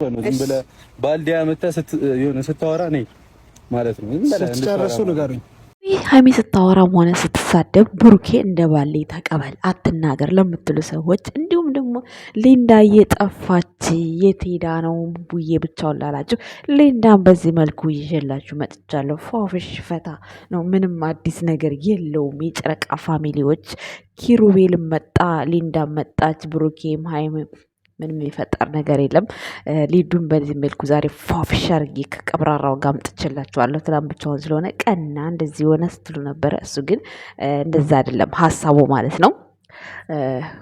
ዝም ብለህ ባልዲያ መተህ ስታወራ ነኝ ማለት ነው። ስትጨርሱ ንገሩኝ። ሀይሚ ስታወራም ሆነ ስትሳደብ ብሩኬ እንደ ባሌ ተቀበል አትናገር ለምትሉ ሰዎች እንዲሁም ደግሞ ሊንዳ የጠፋች የት ሄዳ ነው ቡዬ ብቻውን ላላችሁ ሊንዳን በዚህ መልኩ ይዤላችሁ መጥቻለሁ። ፏፍሽ ፈታ ነው፣ ምንም አዲስ ነገር የለውም። የጨረቃ ፋሚሊዎች ኪሩቤልም መጣ፣ ሊንዳ መጣች፣ ብሩኬም ሀይሚ ምንም የሚፈጠር ነገር የለም። ሊዱን በዚህ መልኩ ዛሬ ፏፍሽ አርጌ ከቀብራራው ጋር አምጥቼላችኋለሁ። ብቻውን ስለሆነ ቀና እንደዚህ የሆነ ስትሉ ነበረ። እሱ ግን እንደዛ አይደለም ሀሳቡ ማለት ነው።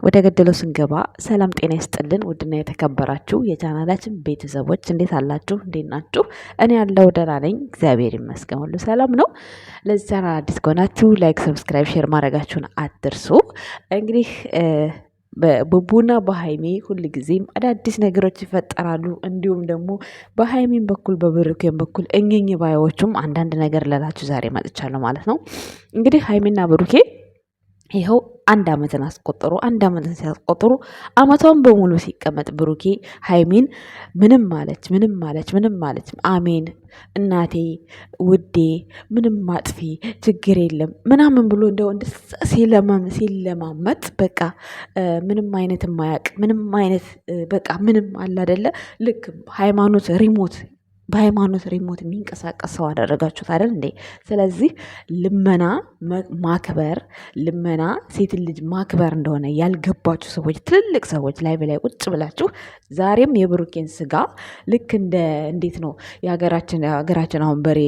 ወደ ገደለው ስንገባ ሰላም ጤና ይስጥልን። ውድና የተከበራችሁ የቻናላችን ቤተሰቦች እንዴት አላችሁ? እንዴት ናችሁ? እኔ ያለው ደህና ነኝ፣ እግዚአብሔር ይመስገን፣ ሁሉ ሰላም ነው። ለዚህ ቻናል አዲስ ከሆናችሁ ላይክ፣ ሰብስክራይብ፣ ሼር ማድረጋችሁን አትርሱ። እንግዲህ በቡና በሀይሜ ሁል ጊዜም አዳዲስ ነገሮች ይፈጠራሉ። እንዲሁም ደግሞ በሀይሜን በኩል በብሩኬም በኩል እኝኝ ባዮቹም አንዳንድ ነገር ልላችሁ ዛሬ መጥቻለሁ ማለት ነው። እንግዲህ ሀይሜና ብሩኬ ይኸው አንድ አመትን አስቆጠሩ። አንድ አመትን ሲያስቆጥሩ አመቷን በሙሉ ሲቀመጥ ብሩኬ ሀይሚን ምንም ማለች ምንም ማለች ምንም ማለች አሜን እናቴ ውዴ ምንም ማጥፊ ችግር የለም ምናምን ብሎ እንደው ሲለማመጥ በቃ ምንም አይነት የማያውቅ ምንም አይነት በቃ ምንም አላደለ ልክ ሃይማኖት ሪሞት በሃይማኖት ሪሞት የሚንቀሳቀስ ሰው አደረጋችሁት አይደል እንዴ? ስለዚህ ልመና ማክበር ልመና ሴትን ልጅ ማክበር እንደሆነ ያልገባችሁ ሰዎች ትልልቅ ሰዎች ላይ በላይ ቁጭ ብላችሁ ዛሬም የብሩኬን ስጋ ልክ እንደ እንዴት ነው የሀገራችን ሀገራችን አሁን በሬ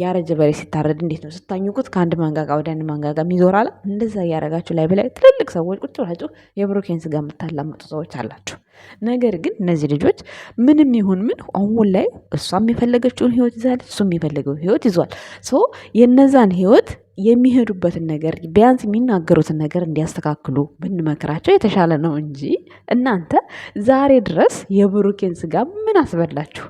ያረጀ በሬ ሲታረድ እንዴት ነው ስታኝኩት? ከአንድ ማንጋጋ ወደ አንድ ማንጋጋ አለ። እንደዛ እያረጋችሁ ላይ በላይ ትልልቅ ሰዎች ቁጭ ብላችሁ የብሩኬን ስጋ የምታላመጡ ሰዎች አላችሁ። ነገር ግን እነዚህ ልጆች ምንም ይሁን ምን አሁን ላይ እሷ የፈለገችውን ህይወት ይዛለች፣ እሱ የሚፈለገውን ህይወት ይዟል። ሶ የነዛን ህይወት የሚሄዱበትን ነገር ቢያንስ የሚናገሩትን ነገር እንዲያስተካክሉ ብንመክራቸው የተሻለ ነው እንጂ እናንተ ዛሬ ድረስ የብሩኬን ስጋ ምን አስበላችሁ?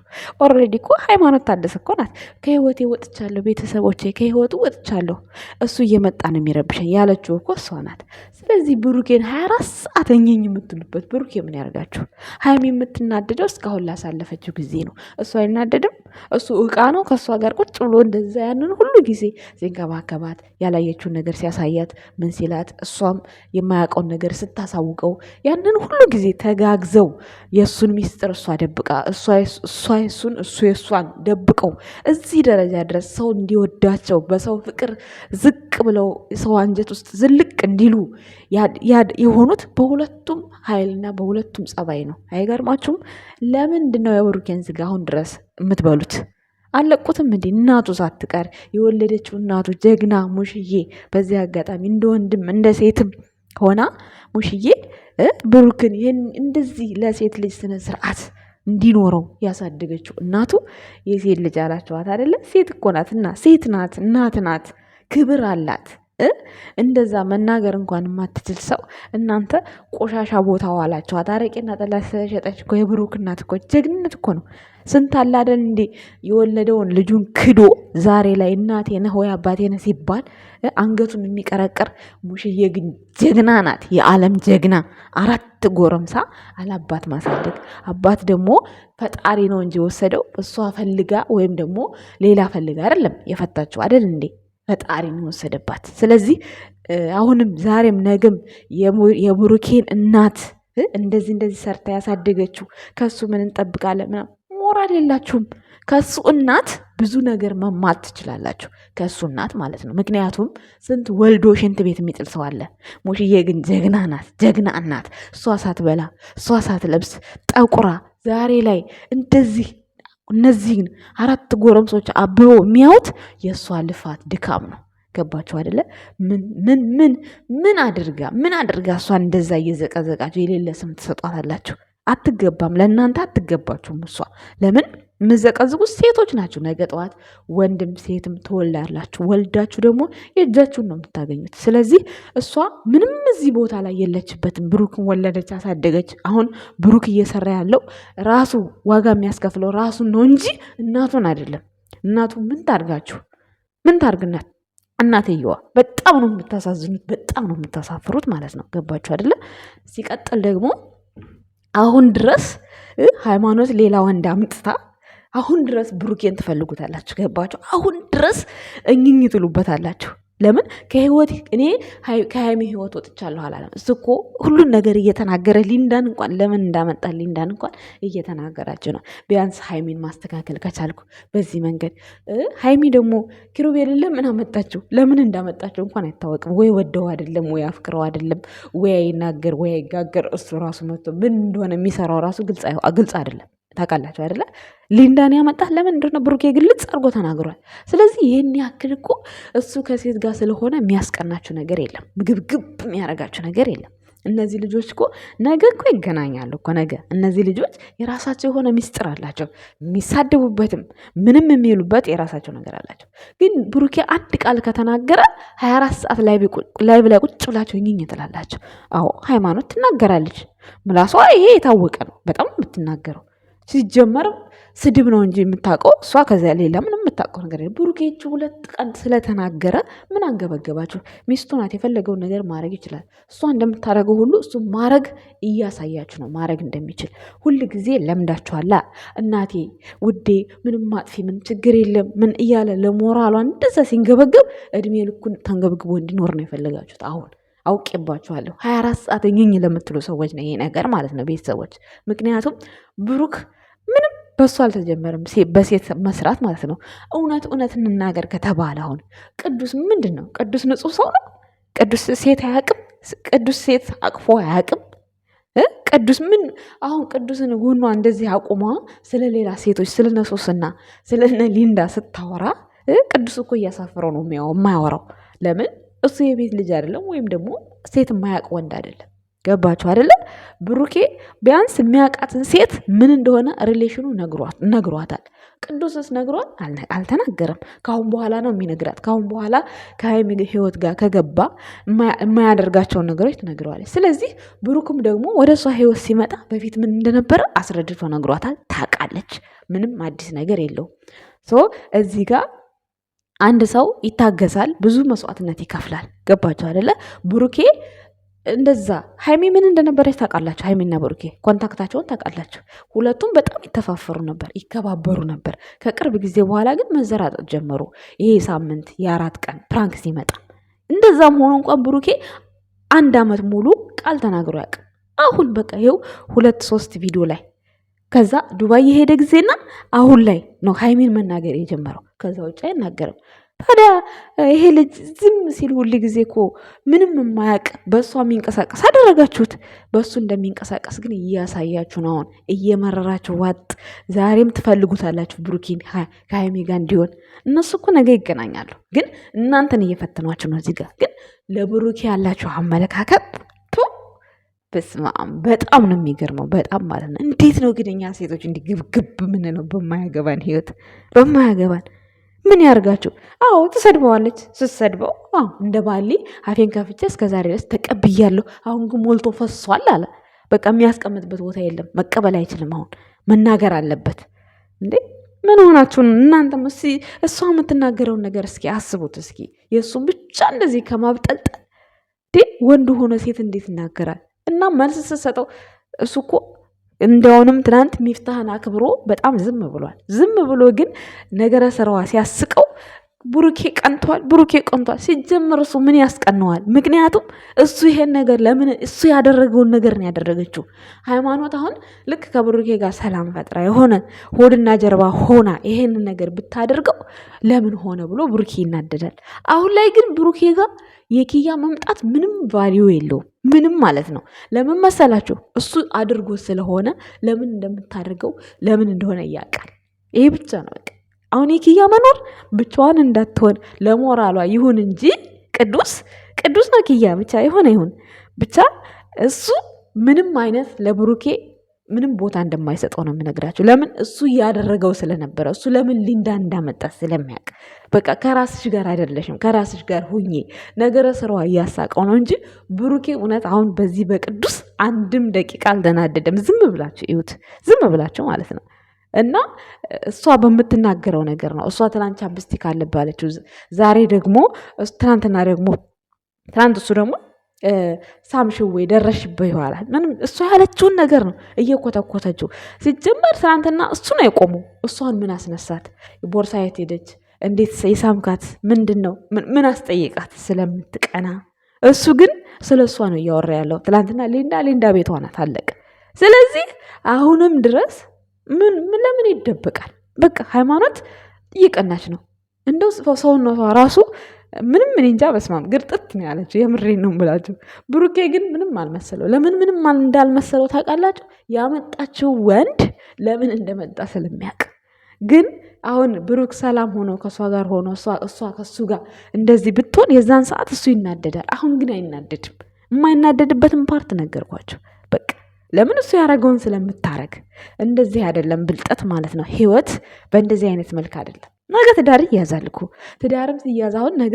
ኦልሬዲ እኮ ሃይማኖት ታደሰ እኮ ናት ከህይወቴ ወጥቻለሁ፣ ቤተሰቦቼ ከህይወቱ ወጥቻለሁ፣ እሱ እየመጣ ነው የሚረብሸኝ ያለችው እኮ እሷ ናት። ስለዚህ ብሩኬን ሀያ አራት ሰዓት እኘኝ የምትሉበት ብሩኬ ምን ያደርጋችሁ? ሀይሚ የምትናደደው እስካሁን ላሳለፈችው ጊዜ ነው። እሱ አይናደድም። እሱ እቃ ነው። ከእሷ ጋር ቁጭ ብሎ እንደዛ ያንን ሁሉ ጊዜ ሲንከባከባት፣ ያላየችውን ነገር ሲያሳያት፣ ምን ሲላት፣ እሷም የማያውቀውን ነገር ስታሳውቀው ያንን ሁሉ ጊዜ ተጋግዘው የእሱን ሚስጥር እሷ ደብቃ እሷ የሱን እሱ የእሷን ደብቀው እዚህ ደረጃ ድረስ ሰው እንዲወዳቸው በሰው ፍቅር ዝቅ ብለው ሰው አንጀት ውስጥ ዝልቅ እንዲሉ የሆኑት በሁለቱም ኃይልና በሁለቱም ጸባይ ነው። አይገርማችሁም? ለምንድን ነው የብሩኬን ዝግ አሁን ድረስ የምትበሉት? አለቁትም እንዲ እናቱ ሳትቀር የወለደችው እናቱ ጀግና ሙሽዬ፣ በዚህ አጋጣሚ እንደ ወንድም እንደ ሴትም ሆና ሙሽዬ ብሩክን ይህን እንደዚህ ለሴት ልጅ ስነ ስርዓት እንዲኖረው ያሳደገችው እናቱ የሴት ልጅ አላችኋት አደለ? ሴት እኮ ናት እና ሴት ናት እናት ናት፣ ክብር አላት። እንደዛ መናገር እንኳን የማትችል ሰው እናንተ ቆሻሻ ቦታው አላችኋት። አረቄና ጠላ ስለሸጠች እኮ የብሩክ እናት እኮ ጀግንነት እኮ ነው። ስንት አለ እንዴ የወለደውን ልጁን ክዶ ዛሬ ላይ እናቴ ነህ ወይ አባቴ ነህ ሲባል አንገቱን የሚቀረቅር ሙሽዬ ግን ጀግና ናት፣ የዓለም ጀግና። አራት ጎረምሳ አላባት ማሳደግ አባት ደግሞ ፈጣሪ ነው እንጂ የወሰደው እሷ ፈልጋ ወይም ደግሞ ሌላ ፈልጋ አይደለም የፈታችው አደል እንዴ ፈጣሪ ነው የወሰደባት። ስለዚህ አሁንም ዛሬም ነገም የቡሩኬን እናት እንደዚህ እንደዚህ ሰርታ ያሳደገችው ከሱ ምን እንጠብቃለን ምናምን ሞራል የላችሁም። ከሱ እናት ብዙ ነገር መማር ትችላላችሁ። ከሱ እናት ማለት ነው። ምክንያቱም ስንት ወልዶ ሽንት ቤት የሚጥል ሰው አለ። ሙሽዬ ግን ጀግና ናት፣ ጀግና እናት። እሷ ሳትበላ እሷ ሳትለብስ ጠቁራ ዛሬ ላይ እንደዚህ እነዚህን አራት ጎረምሶች አብሮ የሚያዩት የእሷ ልፋት ድካም ነው። ገባቸው አይደለ? ምን ምን ምን አድርጋ ምን አድርጋ እሷን እንደዛ እየዘቀዘቃችሁ የሌለ ስም ትሰጧታላችሁ። አትገባም፣ ለእናንተ አትገባችሁም። እሷ ለምን ምዘቀዝቁ ሴቶች ናችሁ። ነገ ጠዋት ወንድም ሴትም ትወልዳላችሁ። ወልዳችሁ ደግሞ የእጃችሁን ነው የምታገኙት። ስለዚህ እሷ ምንም እዚህ ቦታ ላይ የለችበትም። ብሩክን ወለደች፣ አሳደገች። አሁን ብሩክ እየሰራ ያለው ራሱ ዋጋ የሚያስከፍለው ራሱን ነው እንጂ እናቱን አይደለም። እናቱ ምን ታርጋችሁ? ምን ታርግናት? እናትየዋ በጣም ነው የምታሳዝኑት፣ በጣም ነው የምታሳፍሩት ማለት ነው። ገባችሁ አይደለም? ሲቀጥል ደግሞ አሁን ድረስ ሃይማኖት ሌላ ወንድ አምጥታ አሁን ድረስ ብሩኬን ትፈልጉታላችሁ። ገባችሁ? አሁን ድረስ እኝኝ ትሉበታላችሁ። ለምን ከህይወት እኔ ከሀይሚ ህይወት ወጥቻለሁ አላለም። እሱ እኮ ሁሉን ነገር እየተናገረ ሊንዳን እንኳን ለምን እንዳመጣ ሊንዳን እንኳን እየተናገራቸው ነው። ቢያንስ ሀይሚን ማስተካከል ከቻልኩ በዚህ መንገድ ሀይሚ ደግሞ ኪሩቤልን ለምን አመጣችሁ? ለምን እንዳመጣቸው እንኳን አይታወቅም። ወይ ወደው አይደለም፣ ወይ አፍቅረው አይደለም፣ ወይ አይናገር ወይ አይጋገር እሱ ራሱ መጥቶ ምን እንደሆነ የሚሰራው ራሱ ግልጽ አይደለም። ታውቃላችሁ አይደለ? ሊንዳን ያመጣት ለምን እንደሆነ ብሩኬ ግልጽ አድርጎ ተናግሯል። ስለዚህ ይህን ያክል እኮ እሱ ከሴት ጋር ስለሆነ የሚያስቀናችሁ ነገር የለም፣ ምግብግብ የሚያደርጋችሁ ነገር የለም። እነዚህ ልጆች እኮ ነገ እኮ ይገናኛሉ እኮ ነገ እነዚህ ልጆች የራሳቸው የሆነ ሚስጥር አላቸው። የሚሳደቡበትም ምንም የሚሉበት የራሳቸው ነገር አላቸው። ግን ብሩኬ አንድ ቃል ከተናገረ ሀያ አራት ሰዓት ላይ ላይ ቁጭ ብላቸው ይኝኝ ትላላቸው። አዎ ሃይማኖት ትናገራለች። ምላሷ ይሄ የታወቀ ነው። በጣም የምትናገረው ሲጀመር ስድብ ነው እንጂ የምታውቀው እሷ፣ ከዚያ ሌላ ምንም የምታውቀው ነገር ብሩኬቹ ሁለት ቀን ስለተናገረ ምን አንገበገባችሁ? ሚስቱ ናት፣ የፈለገውን ነገር ማድረግ ይችላል። እሷ እንደምታደርገው ሁሉ እሱ ማድረግ እያሳያችሁ ነው፣ ማድረግ እንደሚችል ሁል ጊዜ ለምዳችኋላ። እናቴ ውዴ፣ ምንም ማጥፊ፣ ምን ችግር የለም ምን እያለ ለሞራሏ እንደዛ ሲንገበገብ እድሜ ልኩን ተንገብግቦ እንዲኖር ነው የፈለጋችሁት አሁን አውቄባችኋለሁ። ሀያ አራት ሰዓት እኝኝ ለምትሉ ሰዎች ነው ይሄ ነገር ማለት ነው ቤተሰቦች። ምክንያቱም ብሩክ ምንም በእሱ አልተጀመረም፣ በሴት መስራት ማለት ነው። እውነት እውነት እንናገር ከተባለ አሁን ቅዱስ ምንድን ነው? ቅዱስ ንጹህ ሰው ነው። ቅዱስ ሴት አያውቅም። ቅዱስ ሴት አቅፎ አያውቅም። ቅዱስ ምን አሁን ቅዱስን ጎኗ እንደዚህ አቁሟ ስለ ሌላ ሴቶች ስለ ነሶስና ስለ እነ ሊንዳ ስታወራ ቅዱስ እኮ እያሳፈረው ነው የማያወራው። ለምን እሱ የቤት ልጅ አይደለም፣ ወይም ደግሞ ሴት የማያውቅ ወንድ አይደለም። ገባችሁ አይደለ? ብሩኬ ቢያንስ የሚያውቃትን ሴት ምን እንደሆነ ሪሌሽኑ ነግሯታል። ቅዱስስ ነግሯል? አልተናገረም። ካሁን በኋላ ነው የሚነግራት። ካሁን በኋላ ከሀይሚ ህይወት ጋር ከገባ የማያደርጋቸውን ነገሮች ትነግረዋለች። ስለዚህ ብሩክም ደግሞ ወደ እሷ ህይወት ሲመጣ በፊት ምን እንደነበረ አስረድቶ ነግሯታል። ታውቃለች። ምንም አዲስ ነገር የለውም። ሶ እዚህ ጋር አንድ ሰው ይታገሳል፣ ብዙ መስዋዕትነት ይከፍላል። ገባቸው አደለ ብሩኬ እንደዛ ሀይሜ ምን እንደነበረች ታውቃላችሁ። ሀይሜና ብሩኬ ኮንታክታቸውን ታውቃላችሁ። ሁለቱም በጣም ይተፋፈሩ ነበር፣ ይከባበሩ ነበር። ከቅርብ ጊዜ በኋላ ግን መዘራጠት ጀመሩ። ይሄ ሳምንት የአራት ቀን ፕራንክ ሲመጣ እንደዛም ሆኖ እንኳን ብሩኬ አንድ አመት ሙሉ ቃል ተናግሮ ያውቅ አሁን በቃ ይኸው ሁለት ሶስት ቪዲዮ ላይ ከዛ ዱባይ የሄደ ጊዜና አሁን ላይ ነው ሀይሜን መናገር የጀመረው። ከዛ ውጭ አይናገርም። ታዲያ ይሄ ልጅ ዝም ሲል ሁል ጊዜ እኮ ምንም የማያውቅ በእሷ የሚንቀሳቀስ አደረጋችሁት። በእሱ እንደሚንቀሳቀስ ግን እያሳያችሁ ነው። አሁን እየመረራችሁ ዋጥ። ዛሬም ትፈልጉታላችሁ ብሩኪን ከሀይሜ ጋር እንዲሆን። እነሱ እኮ ነገ ይገናኛሉ። ግን እናንተን እየፈተኗችሁ ነው። እዚህ ጋር ግን ለብሩኪ ያላችሁ አመለካከት በስማም በጣም ነው የሚገርመው። በጣም ማለት ነው። እንዴት ነው ግን እኛ ሴቶች እንዲህ ግብግብ ምንለው በማያገባን ህይወት በማያገባን ምን ያርጋችሁ? አዎ ትሰድበዋለች። ስትሰድበው አዎ እንደ ባሌ አፌን ከፍቼ እስከዛሬ ድረስ ተቀብያለሁ። አሁን ግን ሞልቶ ፈሷል አለ። በቃ የሚያስቀምጥበት ቦታ የለም። መቀበል አይችልም። አሁን መናገር አለበት እንዴ! ምን ሆናችሁን እናንተ? እሷ የምትናገረውን ነገር እስኪ አስቡት። እስኪ የእሱን ብቻ እንደዚህ ከማብጠልጠል ወንድ ሆነ ሴት እንዴት ይናገራል? እና መልስ ስትሰጠው እሱ እኮ እንደውንም ትናንት ሚፍታህን አክብሮ በጣም ዝም ብሏል። ዝም ብሎ ግን ነገረ ሰርዋ ሲያስቀው ብሩኬ ቀንቷል። ብሩኬ ቀንቷል ሲጀምር እሱ ምን ያስቀነዋል? ምክንያቱም እሱ ይሄን ነገር ለምን እሱ ያደረገውን ነገር ነው ያደረገችው ሃይማኖት። አሁን ልክ ከብሩኬ ጋር ሰላም ፈጥራ የሆነ ሆድና ጀርባ ሆና ይሄንን ነገር ብታደርገው ለምን ሆነ ብሎ ብሩኬ ይናደዳል። አሁን ላይ ግን ብሩኬ ጋር የኪያ መምጣት ምንም ቫሊዩ የለውም። ምንም ማለት ነው። ለምን መሰላችሁ? እሱ አድርጎ ስለሆነ ለምን እንደምታደርገው ለምን እንደሆነ እያውቃል። ይሄ ብቻ ነው በቃ አሁን የኪያ መኖር ብቻዋን እንዳትሆን ለሞራሏ ይሁን እንጂ ቅዱስ ቅዱስ ነው። ኪያ ብቻ የሆነ ይሁን ብቻ እሱ ምንም አይነት ለብሩኬ ምንም ቦታ እንደማይሰጠው ነው የምነግራቸው። ለምን እሱ እያደረገው ስለነበረ እሱ ለምን ሊንዳ እንዳመጣ ስለሚያውቅ፣ በቃ ከራስሽ ጋር አይደለሽም ከራስሽ ጋር ሁኜ ነገረ ስራዋ እያሳቀው ነው እንጂ ብሩኬ እውነት አሁን በዚህ በቅዱስ አንድም ደቂቃ አልተናደደም። ዝም ብላቸው ይዩት፣ ዝም ብላቸው ማለት ነው። እና እሷ በምትናገረው ነገር ነው። እሷ ትናንት ቻምፕስቲክ አለባለችው፣ ዛሬ ደግሞ ትናንትና ደግሞ ትናንት እሱ ደግሞ ሳምሽዌ የደረሽበት ይኋላል። ምንም እሱ ያለችውን ነገር ነው እየኮተኮተችው። ሲጀመር ትናንትና እሱ ነው የቆመው። እሷን ምን አስነሳት? ቦርሳ የት ሄደች? እንዴት የሳምካት? ምንድን ነው ምን አስጠይቃት? ስለምትቀና እሱ ግን ስለ እሷ ነው እያወራ ያለው። ትናንትና ሊንዳ ሊንዳ ቤቷ ናት አለቅ። ስለዚህ አሁንም ድረስ ምን ምን ለምን ይደበቃል? በቃ ሃይማኖት እየቀናች ነው። እንደው ሰውነቷ ራሱ ምንም ምን እንጃ በስማም ግርጥት ነው ያለችው። የምሬን ነው ብላችሁ። ብሩኬ ግን ምንም አልመሰለው። ለምን ምንም እንዳልመሰለው ታውቃላችሁ? ያመጣችው ወንድ ለምን እንደመጣ ስለሚያውቅ ግን አሁን ብሩክ ሰላም ሆኖ ከእሷ ጋር ሆኖ እሷ ከሱ ጋር እንደዚህ ብትሆን የዛን ሰዓት እሱ ይናደዳል። አሁን ግን አይናደድም። የማይናደድበትን ፓርት ነገርኳቸው በቃ ለምን እሱ ያደረገውን ስለምታረግ። እንደዚህ አይደለም ብልጠት ማለት ነው። ህይወት በእንደዚህ አይነት መልክ አይደለም። ነገ ትዳር ይያዛል እኮ ትዳርም ሲያዝ አሁን ነገ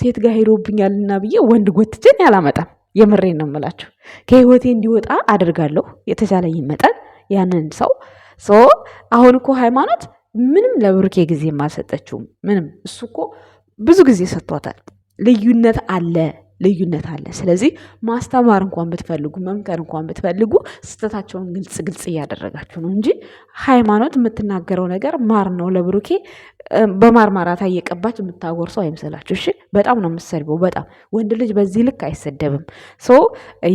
ሴት ጋር ሄዶብኛልና ብዬ ወንድ ጎትቼን ያላመጣም። የምሬን ነው የምላችሁ። ከህይወቴ እንዲወጣ አድርጋለሁ የተቻለኝ መጠን ያንን ሰው አሁን እኮ ሃይማኖት ምንም ለብሩኬ ጊዜ አልሰጠችውም። ምንም እሱ እኮ ብዙ ጊዜ ሰጥቷታል። ልዩነት አለ ልዩነት አለ። ስለዚህ ማስተማር እንኳን ብትፈልጉ መምከር እንኳን ብትፈልጉ ስህተታቸውን ግልጽ ግልጽ እያደረጋችሁ ነው እንጂ ሃይማኖት የምትናገረው ነገር ማር ነው። ለብሩኬ በማር ማራታ እየቀባች የምታጎርሰው አይምስላችሁ። እሺ፣ በጣም ነው የምትሰድበው። በጣም ወንድ ልጅ በዚህ ልክ አይሰደብም። ሶ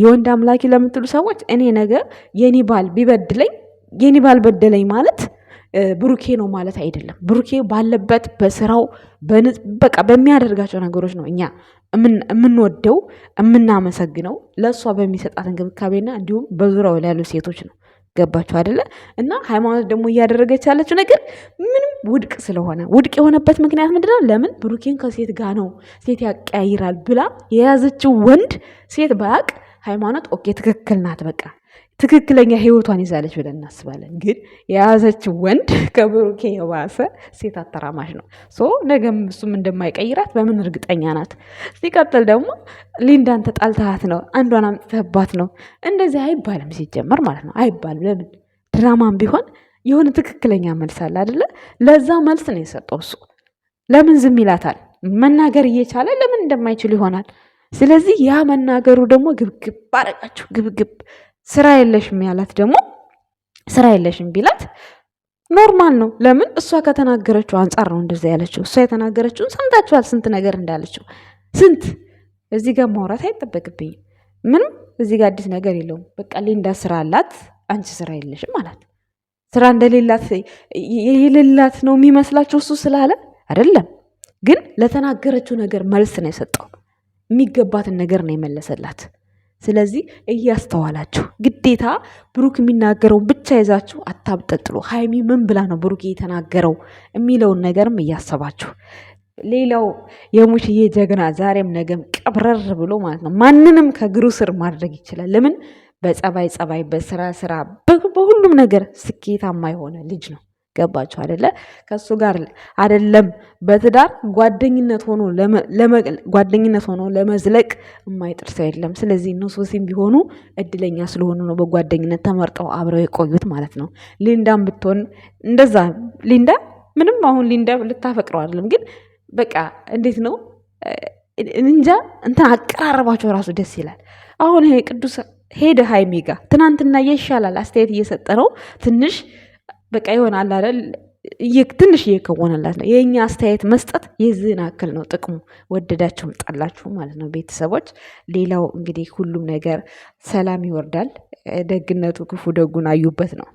የወንድ አምላኪ ለምትሉ ሰዎች እኔ ነገ የኔ ባል ቢበድለኝ የኔ ባል በደለኝ ማለት ብሩኬ ነው ማለት አይደለም። ብሩኬ ባለበት በስራው በቃ በሚያደርጋቸው ነገሮች ነው እኛ የምንወደው የምናመሰግነው ለእሷ በሚሰጣት እንክብካቤና እንዲሁም በዙሪያው ላሉ ሴቶች ነው። ገባችሁ አይደለ? እና ሃይማኖት ደግሞ እያደረገች ያለችው ነገር ምንም ውድቅ ስለሆነ ውድቅ የሆነበት ምክንያት ምንድነው? ለምን ብሩኬን ከሴት ጋር ነው ሴት ያቀያይራል ብላ የያዘችው ወንድ ሴት በያቅ ሃይማኖት ኦኬ ትክክል ናት በቃ ትክክለኛ ህይወቷን ይዛለች ብለን እናስባለን። ግን የያዘችው ወንድ ከብሩኬ የባሰ ሴት አተራማሽ ነው። ነገም እሱም እንደማይቀይራት በምን እርግጠኛ ናት? ሲቀጥል ደግሞ ሊንዳን ተጣልተሃት ነው አንዷን አምጥተህባት ነው እንደዚህ አይባልም። ሲጀመር ማለት ነው አይባልም። ለምን ድራማም ቢሆን የሆነ ትክክለኛ መልስ አለ አደለ? ለዛ መልስ ነው የሰጠው እሱ። ለምን ዝም ይላታል? መናገር እየቻለ ለምን እንደማይችል ይሆናል። ስለዚህ ያ መናገሩ ደግሞ ግብግብ አረጋችሁ ግብግብ ስራ የለሽም ያላት ደግሞ ስራ የለሽም ቢላት ኖርማል ነው። ለምን እሷ ከተናገረችው አንጻር ነው እንደዚ ያለችው። እሷ የተናገረችውን ሰምታችኋል፣ ስንት ነገር እንዳለችው ስንት። እዚህ ጋር ማውራት አይጠበቅብኝም ምንም። እዚህ ጋር አዲስ ነገር የለውም። በቃ ሊንዳ ስራ አላት፣ አንቺ ስራ የለሽም ማለት ስራ እንደሌላት የሌላት ነው የሚመስላቸው እሱ ስላለ አይደለም። ግን ለተናገረችው ነገር መልስ ነው የሰጠው። የሚገባትን ነገር ነው የመለሰላት። ስለዚህ እያስተዋላችሁ ግዴታ ብሩክ የሚናገረውን ብቻ ይዛችሁ አታብጠጥሎ ሀይሚ ምን ብላ ነው ብሩክ የተናገረው የሚለውን ነገርም እያሰባችሁ ሌላው የሙሽዬ ጀግና ዛሬም ነገም ቀብረር ብሎ ማለት ነው። ማንንም ከእግሩ ስር ማድረግ ይችላል። ለምን? በጸባይ ጸባይ፣ በስራ ስራ፣ በሁሉም ነገር ስኬታማ የሆነ ልጅ ነው። ገባችሁ አይደለ? ከሱ ጋር አይደለም በትዳር ጓደኝነት ሆኖ ጓደኝነት ሆኖ ለመዝለቅ የማይጥር ሰው የለም። ስለዚህ እነ ሶሲም ቢሆኑ እድለኛ ስለሆኑ ነው በጓደኝነት ተመርጠው አብረው የቆዩት ማለት ነው። ሊንዳም ብትሆን እንደዛ ሊንዳ ምንም አሁን ሊንዳ ልታፈቅረው አይደለም፣ ግን በቃ እንዴት ነው እንጃ እንትን አቀራረባቸው ራሱ ደስ ይላል። አሁን ይሄ ቅዱስ ሄደ ሀይሜጋ ትናንትና ይሻላል አስተያየት እየሰጠ ነው ትንሽ በቃ ይሆናል አይደል ትንሽ እየከወነላት ነው። የእኛ አስተያየት መስጠት የዚህን አክል ነው ጥቅሙ። ወደዳችሁም ጣላችሁ ማለት ነው ቤተሰቦች። ሌላው እንግዲህ ሁሉም ነገር ሰላም ይወርዳል። ደግነቱ ክፉ ደጉን አዩበት ነው።